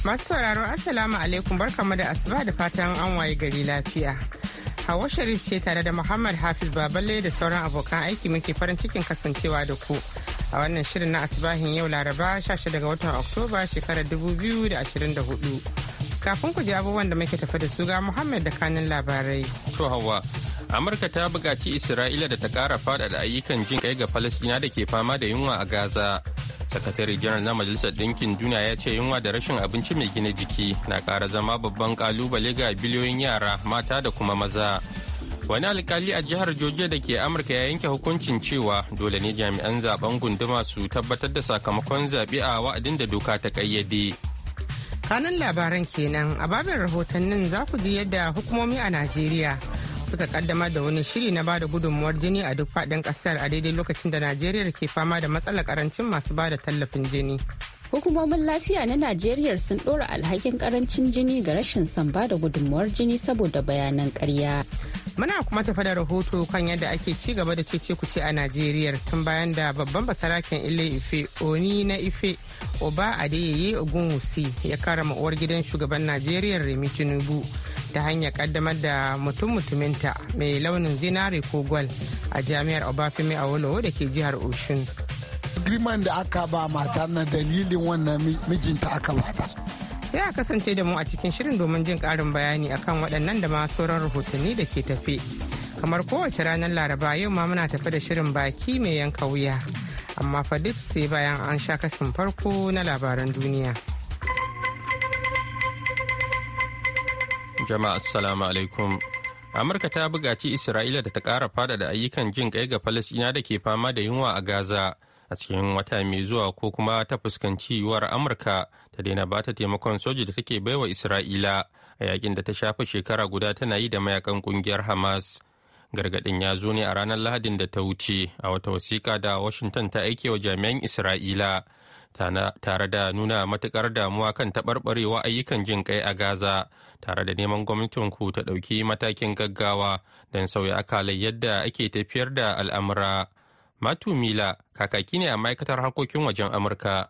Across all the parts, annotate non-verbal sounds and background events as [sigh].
Masu sauraro Assalamu alaikum barkamu da asuba da fatan an waye gari lafiya. Hawa Sharif ce tare da Muhammad Hafiz Baballe da sauran abokan aiki muke farin cikin kasancewa da ku. A wannan shirin na asibahin yau Laraba 16 ga watan Oktoba shekarar 2024. Kafin ku ji abubuwan da muke tafi da su ga Muhammad da kanin labarai. To Hawa, Amurka ta buƙaci Isra'ila da ta ƙara faɗaɗa ayyukan jin kai ga Falasɗina da ke fama da yunwa a Gaza. sakatare janar na majalisar ɗinkin duniya ya ce yunwa da rashin abinci mai gina jiki na kara zama babban kalubale ga biliyoyin yara mata da kuma maza wani alkali a jihar georgia da ke amurka ya yanke hukuncin cewa dole ne jami'an zaben gunduma su tabbatar da sakamakon zaɓe a wa'adin da doka ta ƙayyade kanan labaran kenan a babin rahotannin za ku ji yadda hukumomi a najeriya suka kaddamar da wani shiri na bada gudummawar jini a duk faɗin ƙasar a daidai lokacin da najeriya ke fama da matsalar karancin masu bada tallafin jini hukumomin lafiya na najeriya sun ɗora alhakin karancin jini ga rashin samba bada gudummawar jini saboda bayanan karya. muna kuma tafa da rahoto kan yadda ake ci gaba da cece kuce a najeriya tun bayan da babban basaraken ile ife oni na ife oba adeyeye ogunwusi ya karama uwar gidan shugaban najeriya remi tinubu ta hanyar kaddamar da mutum-mutuminta mai launin zinare ko gwal a jami'ar obafemi a da ke jihar oshun agreement da aka ba mata na dalilin wannan mijinta aka bata sai a kasance da mu a cikin shirin domin jin karin bayani akan waɗannan da ma sauran rahotanni da ke tafe kamar kowace ranar laraba yau ma muna tafe da shirin baki mai yanka wuya amma fa duk sai bayan an sha kasin farko na labaran duniya. jama'a assalamu alaikum amurka ta bugaci isra'ila da ta ƙara da ayyukan jin kai ga falasina da ke fama da yunwa a gaza a cikin wata mai zuwa ko kuma ta fuskanci yiwuwar amurka ta daina ba ta taimakon soji da take baiwa isra'ila a yakin da ta shafa shekara guda tana yi da mayakan kungiyar hamas gargaɗin ya zo ne a ranar lahadin da ta wuce a wata wasiƙa da washington ta aike wa jami'an isra'ila tare da nuna matukar damuwa kan taɓarɓarewa ayyukan jin kai a gaza tare da neman gwamnatin ku ta ɗauki matakin gaggawa don sauya akalai yadda ake tafiyar da al'amura matu mila kakaki ne a ma'aikatar harkokin wajen amurka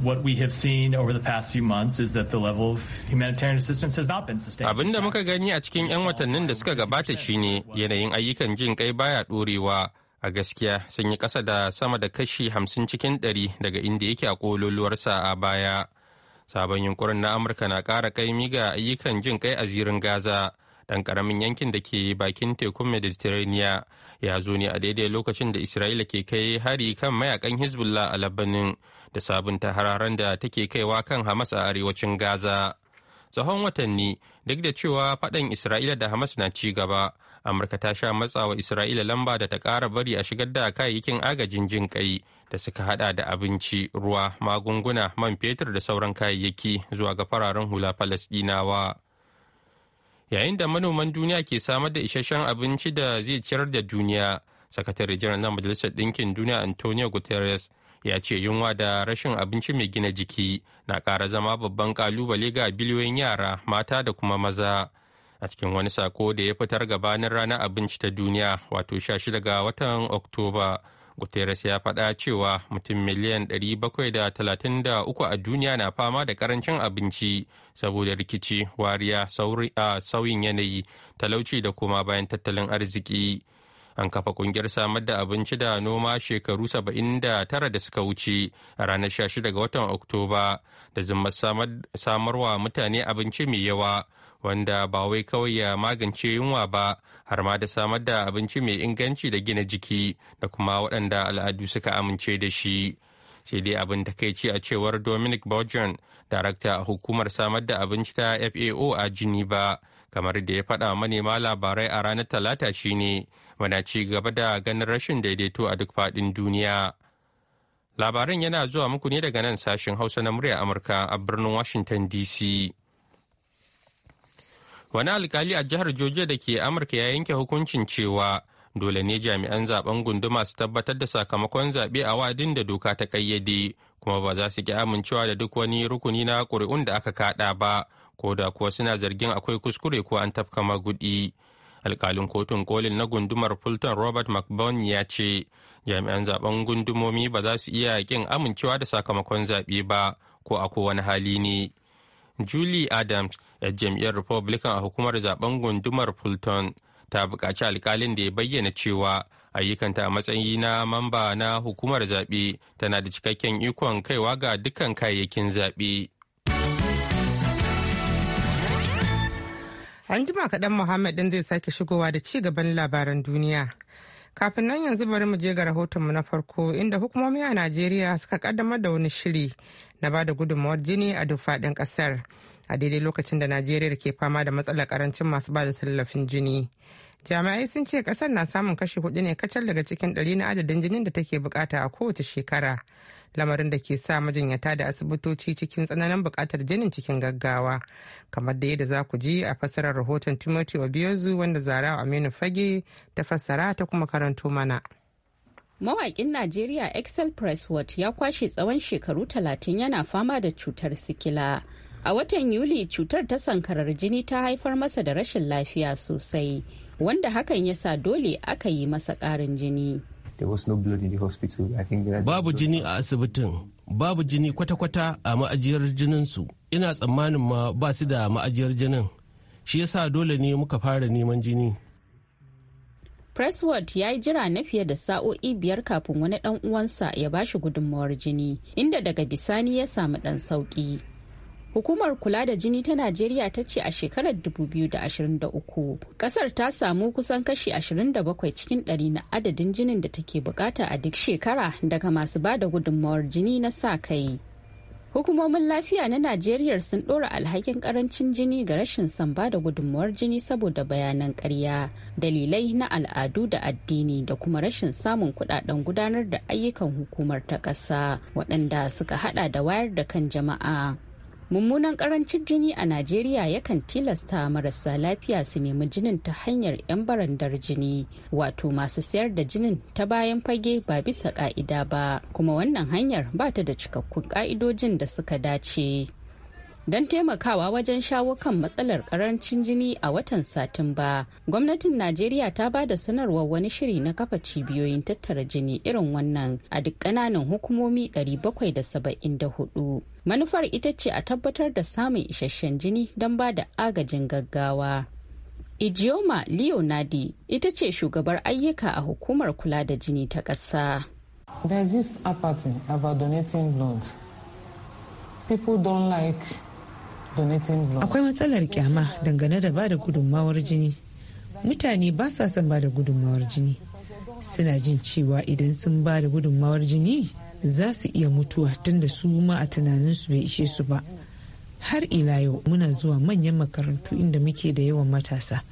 What we have seen over the past few months is that the level of humanitarian assistance has not been sustained. Abin da muka gani a cikin 'yan watannin da suka gabata shine yanayin ayyukan jin kai baya ɗorewa a gaskiya sun yi kasa da sama da kashi hamsin cikin ɗari daga inda yake a kololuwarsa a baya sabon yunkurin na amurka na ƙara kaimi ga ayyukan jin kai a zirin gaza ɗan karamin yankin da ke bakin tekun mediterranean ya zo ne a daidai lokacin da isra'ila ke kai hari kan mayakan hezbollah a labanin da sabunta hararen da take kaiwa kan hamas a arewacin gaza tsawon watanni duk da cewa faɗan isra'ila da hamas na ci gaba amurka ta sha matsawa isra'ila lamba da ta ƙara bari a shigar da kayayyakin agajin jin kai da suka hada da abinci ruwa magunguna man fetur da sauran kayayyaki zuwa ga fararen hula falasɗinawa yayin da manoman duniya ke samar da isasshen abinci da zai ciyar da duniya sakatare janar na majalisar ɗinkin duniya antonio guterres ya ce yunwa da rashin abinci mai gina jiki na ƙara zama babban ƙalubale ga biliyoyin yara mata da kuma maza a cikin wani sako da ya fitar gabanin ranar abinci ta duniya wato 16 ga watan oktoba guterres ya faɗa cewa mutum miliyan 733 a duniya na fama da karancin abinci saboda rikici wariya sauyin yanayi talauci da kuma bayan tattalin arziki an kafa kungiyar samar da abinci da noma shekaru 79 da suka wuce a ranar 16 ga watan oktoba da zimmar samarwa mutane abinci mai yawa wanda ba wai kawai ya magance yunwa ba har ma da samar da abinci mai inganci da gina jiki da kuma waɗanda al'adu suka amince da shi sai dai abin takaici a cewar dominic bourgeon darakta a hukumar samar da abinci ta fao a jini ba, kamar da ya faɗa manema labarai a ranar talata shine muna ci gaba da ganin rashin daidaito a duk faɗin duniya Labarin yana zuwa muku ne daga nan sashen hausa na murya amurka a birnin washington dc wani alkali a jihar georgia da ke amurka ya yanke hukuncin cewa dole ne jami'an zaben gunduma su tabbatar da sakamakon zaɓe a wadin da doka ta ƙayyade kuma ba za su ki amincewa da duk wani rukuni na ƙuri'un da aka kaɗa ba ko da kuwa suna zargin akwai kuskure ko an tafka magudi alkalin kotun kolin na gundumar fulton robert mcbone ya ce jami'an zaben gundumomi ba za su iya yakin amincewa da sakamakon zaɓe ba ko a kowane hali ne Julie Adams, 'yar jam'iyyar Republican a hukumar zaben gundumar Fulton, ta buƙaci alkalin da ya bayyana cewa ayyukanta a matsayi na mamba na hukumar zaɓe tana da cikakken ikon kaiwa ga dukkan kayayyakin zaɓe. An jima kaɗan Muhammad ɗin zai sake shigowa da ci gaban labaran duniya. Kafin nan yanzu bari mu je ga rahotonmu na farko inda hukumomi a Najeriya suka kaddamar da wani shiri na ba da gudunmawar jini a duk faɗin ƙasar a daidai lokacin da Najeriya ke fama da matsalar karancin masu ba da tallafin jini. Jami'ai sun ce ƙasar na samun kashi hudu ne kacal daga cikin ɗari na adadin jinin da take bukata a kowace shekara. lamarin da ke sa majinyata da asibitoci cikin tsananin bukatar jinin cikin gaggawa kamar da yadda za ku ji a fassarar rahoton timothy obiozu wanda zara aminu fage ta fassara ta kuma karanto mana Mawaƙin Najeriya Excel watch ya kwashe tsawon shekaru talatin yana fama da cutar sikila. A watan Yuli cutar ta sankarar jini ta haifar masa da rashin lafiya sosai, wanda hakan ya sa dole aka yi masa ƙarin jini. there was no blood in the hospital i think that babu jini a asibitin babu jini kwata-kwata a ma'ajiyar jinin su ina tsammanin ma ba su da ma'ajiyar jinin shi yasa dole ne muka fara neman jini Presswood ya yi jira na fiye da sa'o'i biyar kafin wani dan uwansa ya bashi gudunmawar jini, inda daga bisani ya samu dan sauƙi. Hukumar kula da jini ta Najeriya ta ce a shekarar 2023 kasar ta samu kusan kashi 27 cikin ɗari na adadin jinin da take bukata a duk shekara daga masu ba da gudunmawar jini na sa kai. Hukumomin lafiya na Najeriya sun ɗora alhakin karancin jini ga rashin san ba da gudunmawar jini saboda bayanan ƙarya, dalilai na al'adu da addini da kuma rashin samun kudaden gudanar da ayyukan hukumar ta ƙasa waɗanda suka haɗa da wayar da kan jama'a. mummunan karancin jini a najeriya yakan tilasta marasa lafiya su nemi jinin ta hanyar 'yan barandar jini wato masu sayar da jinin ta bayan fage ba bisa ka'ida ba kuma wannan hanyar ba ta da cikakkun ka'idojin da suka dace don taimakawa wajen shawo kan matsalar karancin jini a watan satumba gwamnatin najeriya ta ba da sanarwar wani shiri na kafa cibiyoyin tattara jini irin wannan a duk ƙananan hukumomi 774 manufar ita ce a tabbatar da samun isasshen jini don ba da agajin gaggawa ijioma leonardi ita ce shugabar ayyuka a hukumar kula da jini ta ƙasa There is this apathy about donating blood. People don't like akwai matsalar kyama dangane da ba da gudunmawar jini mutane ba sa son ba da gudunmawar jini suna jin cewa idan sun ba da gudunmawar jini za su iya mutuwa tunda su ma a tunanin su bai ishe su ba har ila yau muna zuwa manyan makarantu inda muke da yawan matasa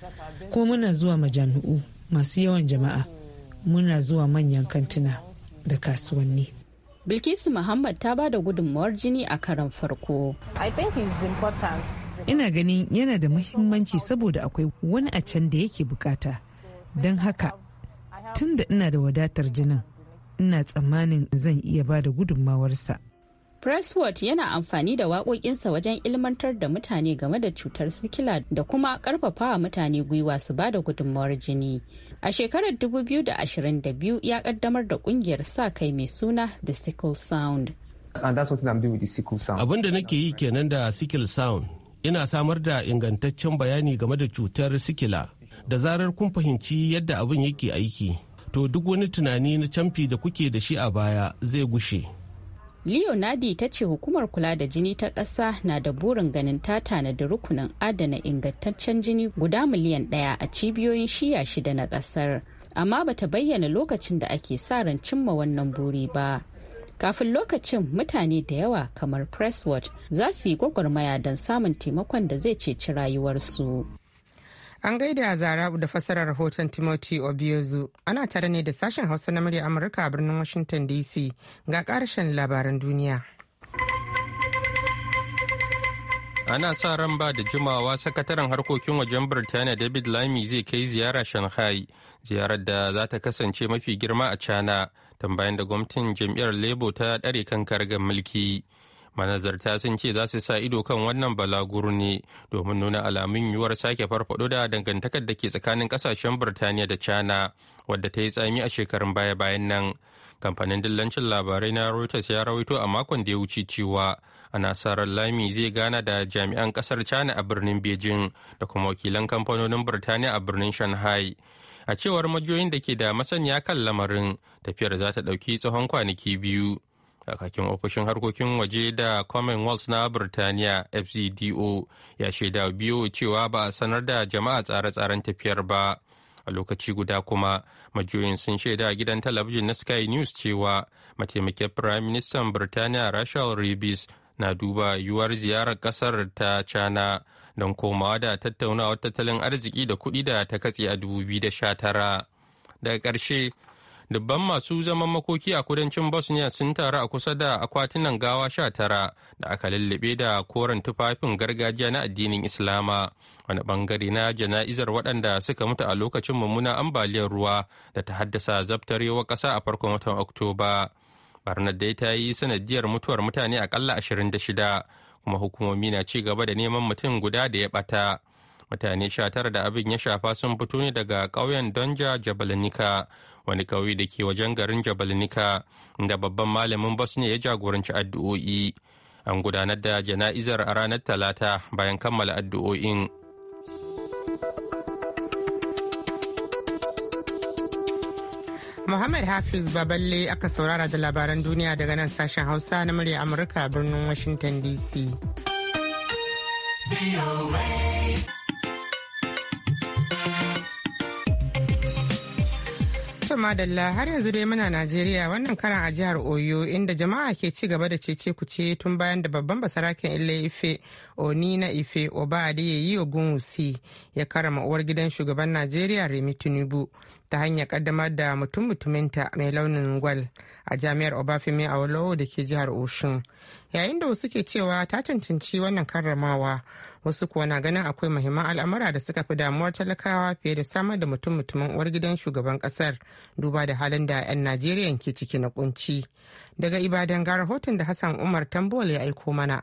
kuma muna zuwa majami'u masu yawan jama'a muna zuwa manyan kantuna da kasuwanni Bilkisu Muhammad ta bada gudunmawar jini a karan farko. Ina ganin yana da muhimmanci saboda akwai wani a can da yake bukata. Don haka, tun da ina da wadatar jinin, ina tsammanin zan iya ba bada gudunmawarsa. Presswood yana amfani da waƙoƙinsa wajen ilmantar da mutane game da cutar sikila da kuma ƙarfafawa mutane gwiwa su bada gudunmawar jini. A shekarar 2022 ya kaddamar da kungiyar sa kai mai suna The Sickle Sound. Abin da nake yi kenan da Sickle Sound, ina samar da ingantaccen bayani game da cutar sikila. Da zarar kun fahimci yadda abin yake aiki, to duk wani tunani na camfi da kuke da shi a baya zai gushe. leonardi ta ce hukumar kula da jini ta ƙasa na da burin ganin ta tanadi rukunin adana ingantaccen jini guda miliyan ɗaya a cibiyoyin shiya shida na ƙasar amma bata bayyana lokacin da ake sa ran cimma wannan buri ba kafin lokacin mutane da yawa kamar presswood za su yi gwagwarmaya don samun taimakon da zai ceci rayuwarsu. An gaida Zarabu da fassarar rahoton Timothy obiozu Ana tare ne da sashen Hausa na murya Amurka a birnin Washington DC ga ƙarshen labaran duniya. Ana sa ran ba da jimawa sakataren harkokin wajen Birtaniya David Lamy zai kai ziyara Shanghai, ziyarar da za ta kasance mafi girma a China, tambayan da gwamnatin jam'iyyar Labour ta ɗare kan kargan mulki. manazarta sun ce za su sa ido kan wannan balaguro ne domin nuna alamun yiwuwar sake farfado da dangantakar da ke tsakanin kasashen birtaniya da china wadda ta yi tsami a shekarun baya-bayan nan kamfanin dillancin labarai na reuters ya rawaito a makon da ya wuce cewa a nasarar lami zai gana da jami'an kasar china a birnin beijing da kuma wakilan kamfanonin birtaniya a birnin shanghai a cewar majiyoyin da ke da masaniya kan lamarin tafiyar za ta ɗauki tsohon kwanaki biyu kakakin ofishin harkokin waje da commonwealth na birtaniya fcdo ya shaida biyu cewa ba a sanar da jama'a tsare-tsaren tafiyar ba a lokaci guda kuma majiyoyin sun shaida gidan talabijin na sky news cewa mataimakin prime minister birtaniya rachel reeves na duba yiwuwar ziyarar kasar ta cana don komawa da tattaunawar tattalin arziki da kuɗi da ta katse a 2019 daga ƙarshe dubban masu zaman makoki a kudancin bosnia sun taru a kusa da akwatunan gawa sha tara da aka lullube da koren tufafin gargajiya na addinin islama wani bangare na jana'izar waɗanda suka mutu a lokacin mummuna ambaliyar ruwa da ta haddasa yawa ƙasa a farkon watan oktoba barnar dai ta yi sanadiyar mutuwar mutane akalla shida kuma hukumomi na ci gaba da neman mutum guda da ya ɓata mutane sha tara da abin ya shafa sun fito ne daga ƙauyen donja jabalnika wani ƙauye da ke wajen garin jabal nika da babban malamin bosnia ya jagoranci addu'o'i an gudanar da jana'izar a ranar talata bayan kammala addu'o'in Muhammad Hafiz Baballe aka saurara da labaran duniya daga nan sashen Hausa na murya Amurka birnin Washington DC. To madalla har yanzu dai muna Najeriya wannan karan a jihar Oyo inda jama'a ke ci gaba da cece ce tun bayan da babban basarakin Ile Ife Oni na Ife yi ogun wusi ya karama uwar gidan shugaban Najeriya Remi Tinubu ta hanyar kaddamar da mutum-mutuminta mai launin gwal a jami'ar obafemi walowo da ke jihar oshun yayin da wasu ke cewa ta cancanci wannan karramawa wasu kuwa na ganin akwai muhimman al'amura da suka fi damuwar talakawa fiye da samar da mutum-mutumin uwar gidan shugaban kasar duba da halin da 'yan najeriya ke ciki na kunci daga ibadan ga rahoton da hassan umar tambol ya aiko mana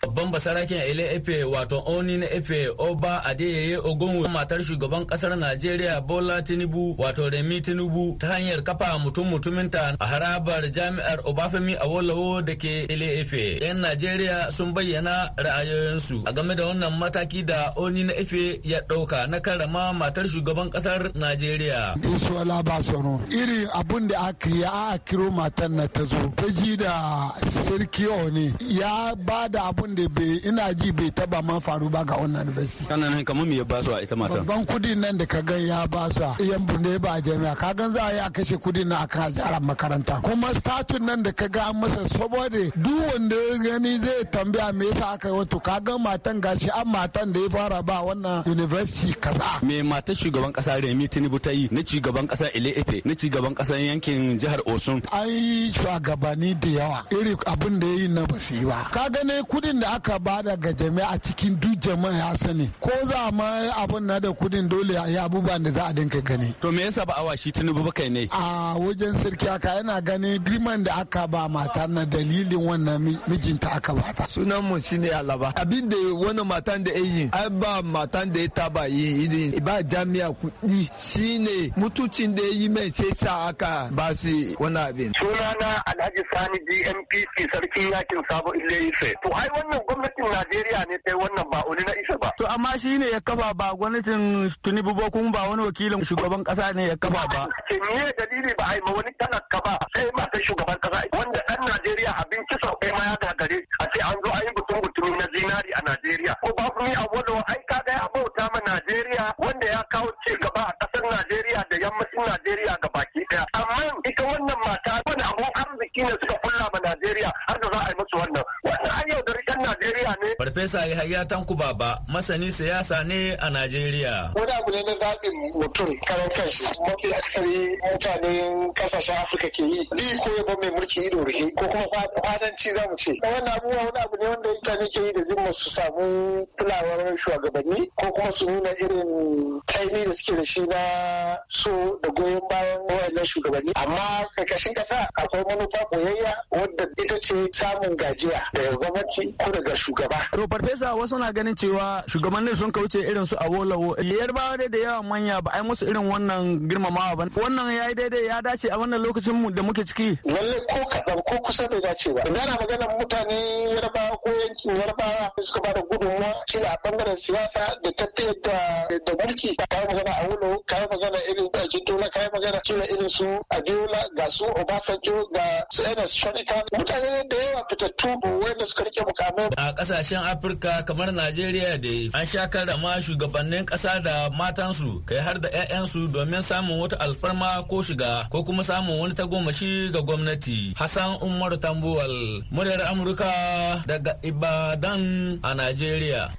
Babban basarakin Ele Efe wato Oni na Efe Oba Adeyeye Ogunwu matar shugaban kasar Najeriya Bola Tinubu wato Remi Tinubu ta hanyar kafa mutum mutuminta a harabar jami'ar Obafemi Awolowo da ke Ele Efe. 'Yan Najeriya sun bayyana ra'ayoyinsu a game da wannan mataki da Oni na Efe ya ɗauka na karama matar shugaban kasar Najeriya. b'a Basoro iri abun da aka yi a kiro matar na ta zo ta ji da Sirki Oni ya ba da abun abin da bai ina ji bai taba ma faru ba ga wannan university kana nan kamar me ya ba su a ita matan ban kudin nan da ka gan ya ba su yan bune ba jami'a ka gan za a yi a kashe kudin na akan jaran makaranta kuma statun nan da ka ga masa saboda duk wanda ya gani zai tambaya me yasa aka yi wato ka gan matan gashi an matan da ya fara ba wannan university kaza me matan shugaban kasa Remi Tinubu ta yi na shugaban kasa Ile Efe na shugaban kasa yankin jihar Osun an yi shugabanni da yawa iri abin da ya yi na ba ba ka gane kudin da aka bada ga jami'a cikin duk jama'a ya sani ko za ma abin na da kudin dole a yi abubuwan da za a dinka gani to me yasa ba awa shi tinubu ba kai ne a wajen sarki aka yana gani griman da aka ba mata na dalilin wannan mijinta aka ta. sunan mu shine alaba abin da wani matan da yi ai ba matan da ya taba yi idin ba jami'a kudi shine mutucin da yi mai sai sa aka ba su wani abin sunana alhaji sani dmpc sarkin yakin sabo ile ife to ai wannan gwamnatin Najeriya ne ta wannan ba wani na isa ba. To amma shi ne ya kafa ba gwamnatin Tinubu ba kuma ba wani wakilin shugaban kasa ne ya kafa ba. Ke [laughs] dalili ba a yi ma wani talaka ba sai ma ta shugaban kasa wanda ɗan Najeriya abin kisa kai ma ya gagare a ce an zo a yi butun na zinari a Najeriya. Ko ba ku yi wa aika kaga ya bauta ma Najeriya wanda ya kawo ci gaba a ƙasar Najeriya da yammacin Najeriya ga baki ɗaya. Amma ita wannan mata wani abu arziki ne suka kulla ma Najeriya har da za a yi musu wannan. Wannan an yau da kan Najeriya ne. Farfesa Yahaya Tanku Baba masani siyasa ne a Najeriya. Wani abu ne na zaɓin mutum karan kanshi mafi akasari mutanen ƙasashen Afirka ke yi. Ni ko yabo mai mulki ido rufe ko kuma ci za mu ce. Wannan abubuwa wani abu ne wanda mutane ke suke yi da zimma su samu kulawar shugabanni ko kuma su nuna irin kaimi da suke da shi na so da goyon bayan wayannan shugabanni amma karkashin kasa akwai manufa koyayya wadda ita ce samun gajiya daga gwamnati ko daga shugaba. To farfesa wasu na ganin cewa shugabannin sun wuce irin su a wolawo yarbawa dai da yawa manya ba ai musu irin wannan girmamawa ba wannan ya yi daidai ya dace a wannan lokacin mu da muke ciki. Lalle ko kaɗan ko kusa bai dace ba. Ina na maganar mutane yarbawa ko yankin da suka bada gudunmuwa shi a bangaren siyasa da tafiyar da da mulki kayan magana a wulo kayan magana irin da kintola kayan magana kila irin su abiola ga su obasanjo ga su ns shanika mutane da yawa fitattu wanda suka rike mukamai. a kasashen afirka kamar najeriya da an sha ma shugabannin kasa da matansu kai har da 'ya'yansu domin samun wata alfarma ko shiga ko kuma samun wani tagomashi ga gwamnati hassan umaru tambuwal muryar amurka daga iba Ramadan a Najeriya.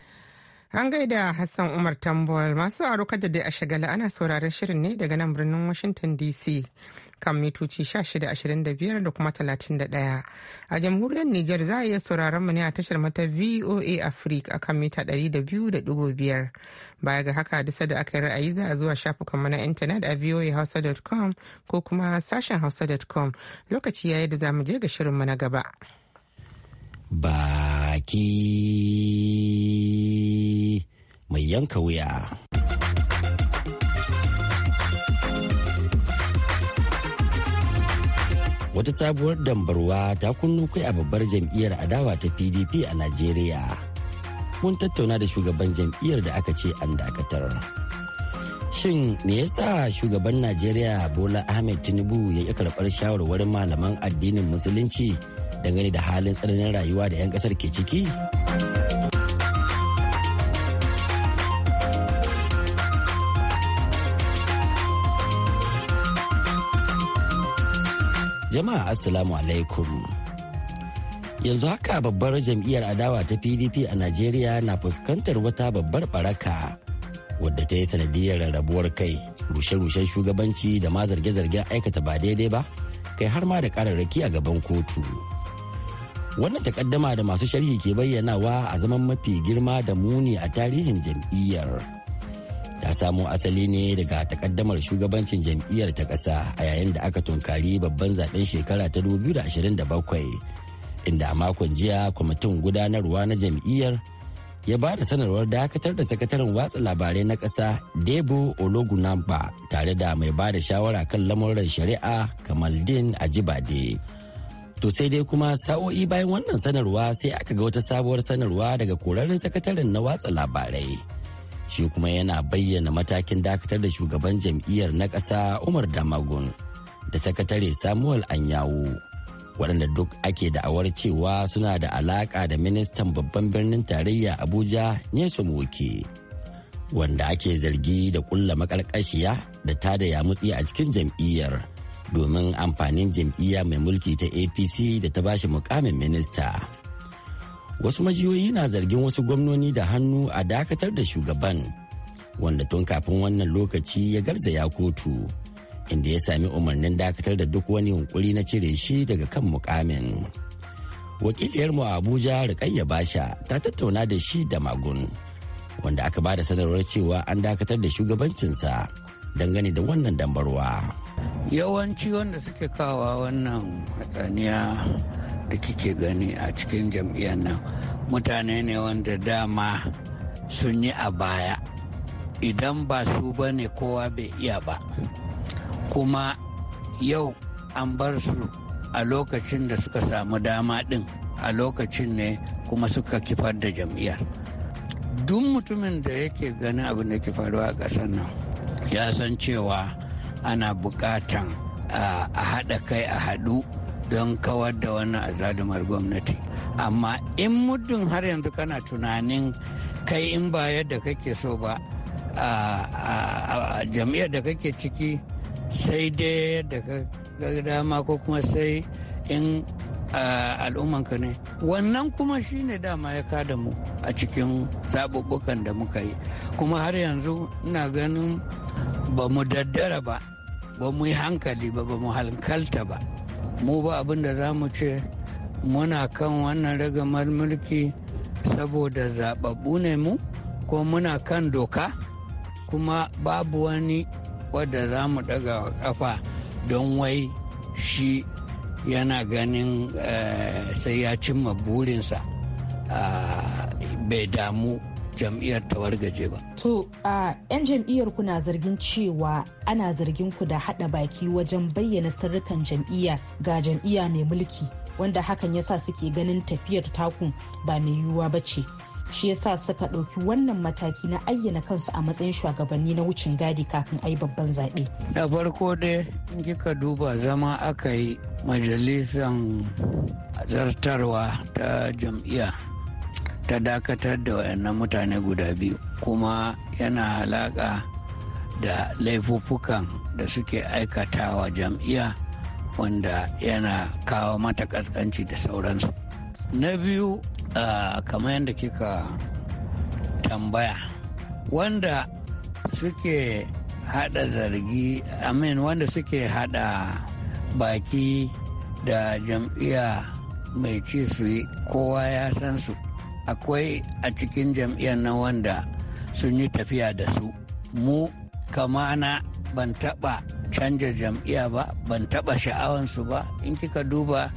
An gaida Hassan Umar Tambol masu aroka da dai a shagala ana sauraron shirin ne daga nan birnin Washington DC kan mitoci 1625 da kuma 31. A jamhuriyar Nijar za a iya sauraron mu ne a tashar mata VOA Africa kan mita 200.5. Baya ga haka disa da aka yi ra'ayi za a zuwa shafukan mu intanet a voahausa.com ko kuma sashen hausa.com lokaci yayi da za mu je ga shirin mu na gaba. baki mai yanka wuya. Wata sabuwar dambarwa ta kunnu kai a babbar jam'iyyar adawa ta PDP a Najeriya. Mun tattauna da shugaban jam'iyyar da aka ce an dakatar. Shin me yasa shugaban Najeriya Bola Ahmed Tinubu ya ƙi karɓar shawarwarin malaman addinin Musulunci dangane da halin tsananin rayuwa da 'yan ƙasar ke ciki? Jama'a Assalamu alaikum. Yanzu haka babbar jam'iyyar adawa ta PDP a Najeriya na fuskantar wata babbar baraka. wadda ta yi sanadiyar rarrabuwar kai rushe-rushen shugabanci da ma zarge-zargen aikata ba daidai ba kai har ma da kararraki a gaban kotu wannan takaddama da masu sharhi ke bayyanawa a zaman mafi girma da muni a tarihin jam'iyyar ta samo asali ne daga takaddamar shugabancin jam'iyyar ta ƙasa a yayin da aka tunkari babban zaben shekara ta 2027 inda a makon jiya kwamitin gudanarwa na jam'iyyar ya ba da sanarwar dakatar da sakataren watsa labarai na ƙasa debo ologunamba tare da mai ba da shawara kan lamuran shari'a kamaldin ajibade to sai dai kuma sa'o'i bayan wannan sanarwa sai aka ga wata sabuwar sanarwa daga korarren sakataren na watsa labarai shi kuma yana bayyana matakin dakatar da shugaban jam'iyyar na ƙasa umar damagun da sakatare samuel anyawu waɗanda duk ake da'awar cewa suna da alaƙa da ministan babban birnin tarayya abuja su muke wanda ake zargi da ƙulla maƙarƙashiya da tada yamutsi a cikin jam'iyyar domin amfanin jam'iyya mai mulki ta apc da ta bashi mukamin minista wasu majiyoyi na zargin wasu gwamnoni da hannu a dakatar da shugaban wanda tun kafin wannan lokaci ya garzaya kotu inda ya sami umarnin dakatar da duk wani yunkuri na cire shi daga kan mukamin. Wakiliyarmu a Abuja Rikayya Basha ta tattauna da shi da Magun, wanda aka ba da sanarwar cewa an dakatar da shugabancinsa dangane da wannan dambarwa. Yawanci wanda suke kawa wannan hatsaniya da kike gani a cikin jam'iyyar nan mutane ne wanda dama sun yi a baya idan ba su ba ne kowa bai iya ba kuma yau an bar su a lokacin da suka samu dama ɗin a lokacin ne kuma suka kifar da jam'iyyar duk mutumin da yake ganin abin da ke faruwa a ƙasar nan ya san cewa ana buƙatan a haɗa kai a haɗu don kawar da wannan azalumar gwamnati amma in muddin har yanzu kana tunanin kai in ba yadda kake so ba a jam'iyyar da kake ciki sai dai daga ga dama ko kuma sai in al'ummanka ne wannan kuma shine dama ya kada mu a cikin zaɓuɓɓukan da muka yi kuma har yanzu ina ganin ba mu daddara ba ba mu yi hankali ba ba mu hankalta ba mu ba abin da za mu ce muna kan wannan ragamar mulki saboda zaɓaɓɓu ne mu ko muna kan doka kuma babu wani wadda za mu daga kafa don wai shi yana ganin eh, sai ya cimma burinsa ah, bai damu jam'iyyar tawargaje ba. To, a 'yan jam'iyyar ku na zargin cewa ana zargin ku da hada baki wajen bayyana sirrukan jam'iyya ga jam'iyya mai mulki wanda hakan ya sa suke ganin tafiyar takun ba mai yiwuwa ba ce. shi yasa suka ɗauki wannan mataki na ayyana kansu a matsayin shugabanni na wucin gadi kafin a yi babban zaɓe. da farko dai in kika duba zama aka yi majalisar zartarwa ta jam'iyya ta dakatar da wayannan mutane guda biyu kuma yana alaƙa da laifuffukan da suke aikatawa jam'iyya wanda yana kawo mata ƙasƙanci da sauransu na biyu Ah, kamar yadda kika tambaya wanda suke hada zargi amin wanda suke hada baki da jam'iya mai ci su yi kowa ya san su akwai a cikin jam'iyyar na wanda sun yi tafiya da su mu kamana ban taba canja jam'iyya ba ban taba sha'awansu ba in kika duba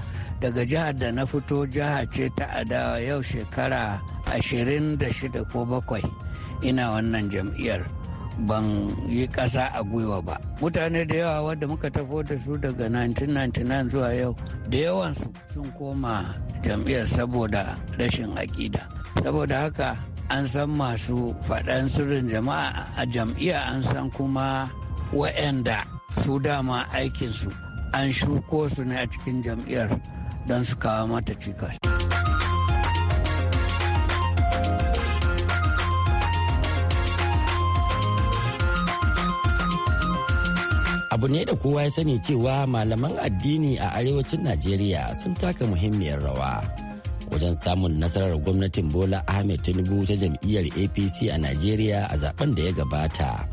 daga jihar da na fito jiha ce ta adawa yau shekara 26 ko bakwai ina wannan jam'iyyar ban yi ƙasa a gwiwa ba mutane da yawa wadda muka tafo da su daga 1999 zuwa yau da yawansu sun koma jam'iyyar saboda rashin aƙida saboda haka an san masu faɗan sirrin jama'a a jam'iyya an san kuma wa'anda su dama aikinsu an shuko su ne a cikin jam'iyyar don su kawo mata cikas. abu ne da kowa ya sani cewa malaman addini a arewacin najeriya sun taka muhimmiyar rawa wajen samun nasarar gwamnatin bola ahmed tinubu ta jam'iyyar apc a najeriya a zaben da ya gabata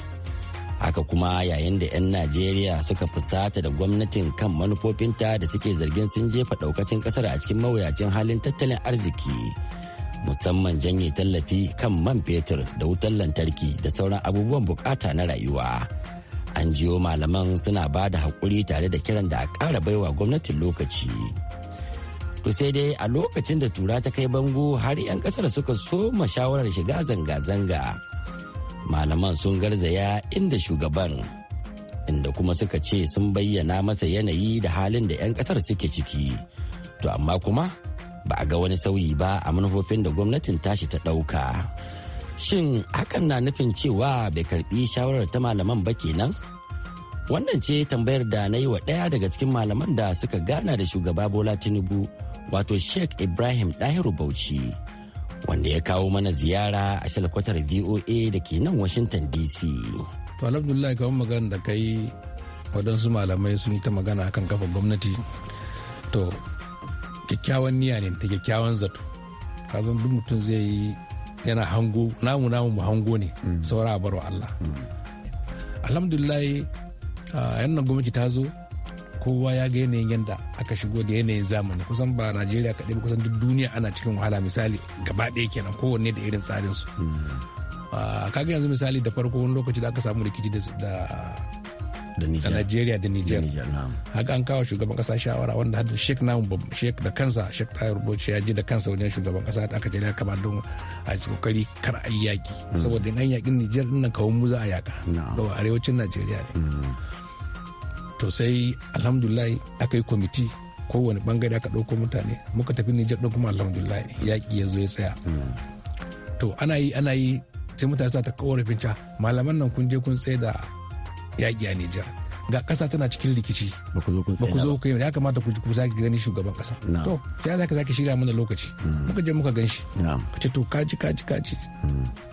haka kuma yayin da 'yan najeriya suka fusata da gwamnatin kan manufofinta da suke zargin sun jefa ɗaukacin ƙasar a cikin mawuyacin halin tattalin arziki musamman janye tallafi kan man fetur da wutar lantarki da sauran abubuwan bukata na rayuwa an jiyo malaman suna ba da haƙuri tare da kiran da a ƙara baiwa gwamnatin lokaci to sai dai a lokacin da tura ta kai bango har 'yan ƙasar suka soma shawarar shiga zanga-zanga malaman sun garzaya inda shugaban inda kuma suka ce sun bayyana masa yanayi da halin da 'yan kasar suke ciki to amma kuma ba a ga wani sauyi ba a manufofin da gwamnatin tashi ta ɗauka shin hakan na nufin cewa bai karbi shawarar ta malaman ba kenan wannan ce tambayar da na yi wa ɗaya daga cikin malaman da suka gana da shugaba bola tinubu wato sheikh ibrahim ɗahiru bauchi wanda ya kawo mana ziyara a shalkwatar VOA da ke nan Washington DC. To Alhamdulillah kawai magana da kai waɗansu malamai sun yi ta magana akan kafa gwamnati. To kyakkyawan niyya ne da kyakkyawan zato. Kazan duk mutum zai yi yana hango namu namu mu hango ne mm. saura a barwa Allah. Mm. Alhamdulillah yan gwamnati ta zo kowa ya ga yanayin yadda aka shigo da yanayin zamani kusan ba najeriya kaɗai ba kusan duk duniya ana cikin wahala misali gaba ɗaya kenan kowanne da irin tsarin su hmm. ah, kaga yanzu misali da farko wani lokaci da aka samu rikici da da Najeriya da Niger. Haka an kawo shugaban kasa shawara wanda hadda Sheikh Namu Sheikh da kansa Sheikh Tahir Bauchi ya ji da kansa wajen shugaban kasa da aka je ya kama don a kokari kar a yi yaki hmm. saboda in an yakin Niger din nan kawo mu za a yaka. Da arewacin Najeriya ne. Hmm. to sai alhamdulillah aka yi kwamiti kowane bangare aka ɗauko mutane muka tafi nijar ɗin kuma alhamdulillah yaƙi ya zo ya tsaya to ana yi ana yi sai mutane suna ta kawarafin ca malaman nan kun je kun tsaye da yaƙi a nijar ga kasa tana cikin rikici ba ku zo ba ku yi ya kamata ku ku zaki gani shugaban kasa to sai zaka zaki shirya mana lokaci hmm. muka je muka ganshi ka ce to kaji kaji kaji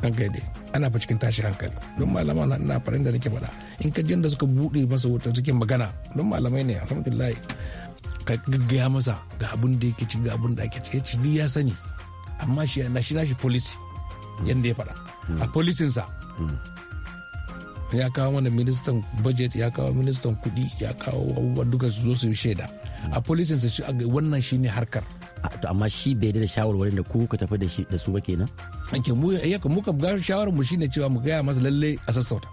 kan hmm. ga dai ana fa cikin tashi hankali don malama na ina farin da nake faɗa in ka da suka bude masa wuta suke magana don malamai ne alhamdulillah ka gaggaya masa ga abin da yake ci ga abin da ake ci ci ya sani amma shi na shi shi policy hmm. yanda ya faɗa a sa. ya kawo mana ministan budget ya kawo ministan kudi ya kawo abubuwa duka su zo su yi shaida a policing su wannan ne harkar to amma shi bai da shawarwarin da ku ka tafi da shi da su ba kenan ake mu mu eh, ka ga shawarar mu shine cewa mu gaya masa lalle a sassauta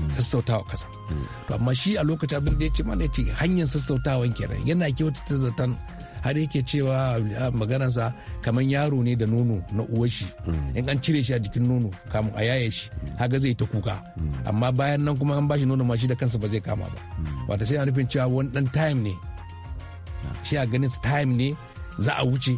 hmm. sassautawa kasa hmm. to amma shi a lokacin abin da ya ce mana ya ce hanyar sassautawa kenan yana kyautata zaton har yake cewa maganarsa kamar yaro ne da nono na uwar mm. in an cire shi a jikin nono kamun a yaye shi haka mm. zai ta kuka mm. amma bayan nan kuma an bashi nono ma shi da kansa ba zai kama ba wata sai a nufin cewa wani dan time ne ah. shi a ganin time ne za a wuce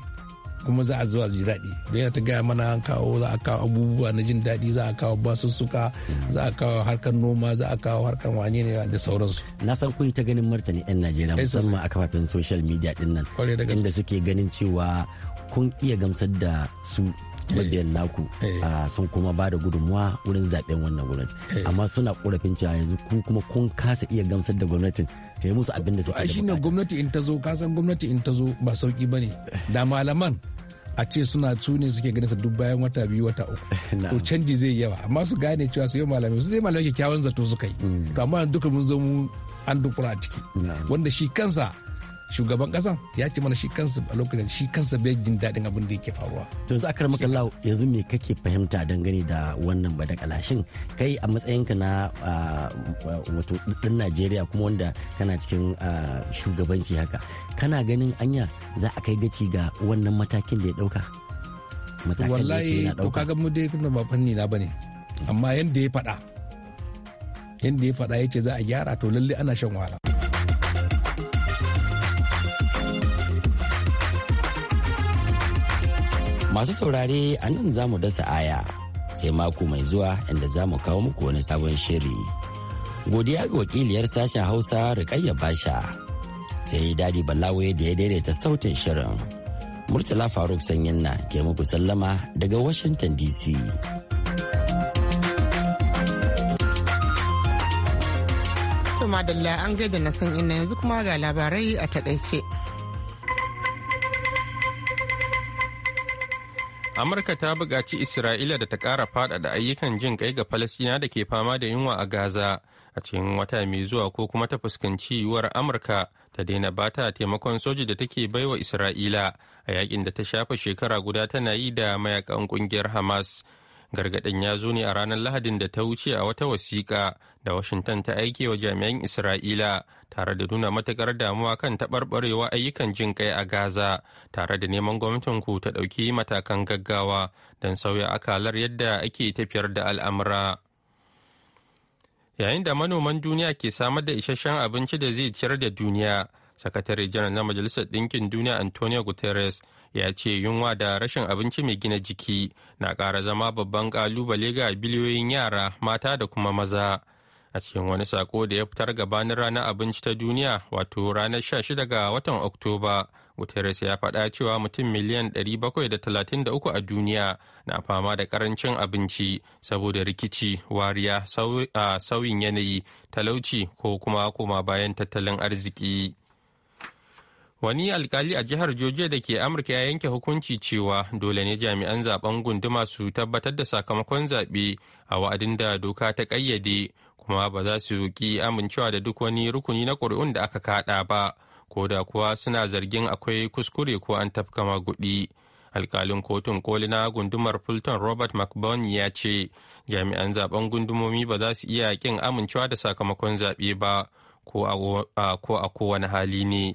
kuma za a zuwa ji daɗi don yana ta gaya mana an kawo za a kawo abubuwa na jin daɗi za a kawo basussuka za a kawo harkar noma za a kawo harkar wane ne da sauransu na san kun ta ganin martani yan najeriya eh, musamman a kafafen social media din nan inda suke ganin cewa kun iya gamsar da su mabiyan naku eh. ah, sun kuma ba da gudunmuwa wurin zaben wannan wurin eh. amma suna korafin cewa yanzu ku kuma kun kasa iya gamsar da gwamnatin ta yi musu abin da suke da shine gwamnati in ta zo kasan gwamnati in ta zo ba sauki bane da malaman a ce suna tuni suke ganin sa duk bayan wata biyu wata uku [laughs] to canji zai yawa amma su gane cewa su yi malamai su zai malamai kyakkyawan zato suka yi hmm. to amma duka mun zo mu an dukura a ciki wanda shi kansa shugaban kasan ya ce mana shi kansa a lokacin shi kansa bai jin daɗin abin da yake faruwa to za akar maka lau yanzu me kake fahimta dangane da wannan badakala shin kai a matsayinka na wato ɗan Najeriya kuma wanda kana cikin shugabanci haka kana ganin anya za a kai gaci ga wannan matakin da ya ɗauka wallahi to kaga mu dai kuma ba fanni na bane amma yanda ya faɗa yanda ya faɗa yace za a gyara to lalle ana shan wahala Masu saurare a nan za mu dasa aya sai mako mai zuwa inda za mu kawo muku wani sabon shiri. Godiya ga wakiliyar sashen Hausa Rikayya Basha. Sai Dadi balawai da ya daidaita sautin shirin. Murtala Faruk Sanyin ke muku sallama daga Washington DC. madalla an gaida na san ina yanzu kuma ga labarai a takaice. amurka ta buƙaci isra'ila da ta ƙara faɗaɗa ayyukan jin kai ga falasina da ke fama da yunwa a gaza a cikin wata mai zuwa ko kuma ta fuskanci yiwuwar amurka ta daina bata ta taimakon soji da take baiwa isra'ila a yakin da ta shafa shekara guda tana yi da mayakan ƙungiyar hamas Gargaɗin ya zo ne a ranar Lahadin da ta wuce a wata wasiƙa da Washington ta aike wa jami'an Isra'ila tare da nuna matuƙar damuwa kan taɓarɓarewa ayyukan jin kai a Gaza tare da neman gwamnatin ku ta ɗauki matakan gaggawa don sauya akalar yadda ake tafiyar da al'amura. Yayin da manoman duniya ke samar da isasshen abinci da zai ciyar da duniya, sakatare janar na Majalisar Ɗinkin Duniya Antonio Guterres ya ce yunwa da rashin abinci mai gina jiki na ƙara zama babban ƙalubale ga biliyoyin yara mata da kuma maza a cikin wani sako da ya fitar gabanin ranar abinci ta duniya wato ranar 16 ga watan oktoba guterres ya faɗa cewa mutum miliyan 733 a duniya na fama da ƙarancin abinci saboda rikici wariya sauyin yanayi talauci ko kuma koma bayan tattalin arziki. Wani alkali a jihar Georgia da ke Amurka ya yanke hukunci cewa dole ne jami'an zaben gunduma su tabbatar da sakamakon zaɓe a wa'adin da doka ta ƙayyade kuma ba za su ki amincewa da duk wani rukuni na ƙuri'un da aka kaɗa ba ko da kuwa suna zargin akwai kuskure ko an tafka maguɗi. alkalin kotun koli na gundumar fulton robert mcbourn ya ce jami'an zaben gundumomi ba za su iya kin amincewa da sakamakon zaɓe ba ko a kowane hali ne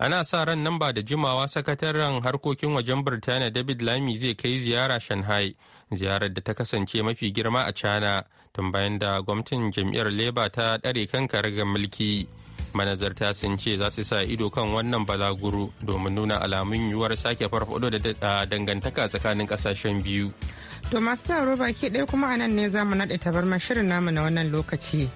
ana sa ran nan ba da jimawa sakataren harkokin wajen birtaniya david lami zai kai ziyara shanghai ziyarar da ta kasance mafi girma a china tun bayan da gwamnatin jam'iyyar labour ta ɗare kan karagar mulki manazarta sun ce za su sa ido kan wannan balaguro domin nuna alamun yiwuwar sake farfado da dangantaka tsakanin kasashen biyu to masu sauro baki ɗaya kuma anan ne za mu naɗe tabarmar shirin namu na wannan lokaci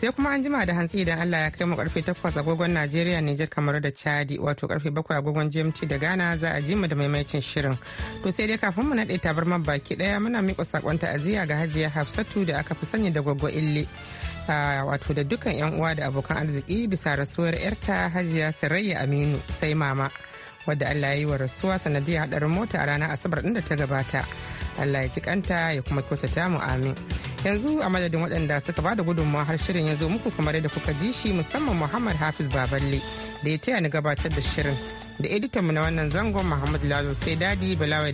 sai kuma an jima da hantsi idan Allah ya kaimu karfe 8 agogon Najeriya Nijar kamar da Chadi wato karfe 7 agogon GMT da Ghana za a ji mu da maimaicin shirin. To sai dai kafin mu naɗe tabarmar baki daya muna miƙa sakon ta'aziyya ga Hajiya Hafsatu da aka fi sani da Gwaggo Ille. wato da dukkan yan uwa da abokan arziki bisa rasuwar yarta Hajiya Sarayya Aminu sai mama wadda Allah ya yi wa rasuwa sanadiyar hadarin mota a ranar Asabar ɗin da ta gabata. Allah ya kanta ya kuma kyautata mu amin. Yanzu a madadin waɗanda suka bada gudunmawa har shirin ya zo muku kamar yadda kuka ji shi musamman Muhammad Hafiz Baballe da ya taya ni gabatar da shirin da editan mu na wannan zangon Muhammad Lalo sai dadi Balawa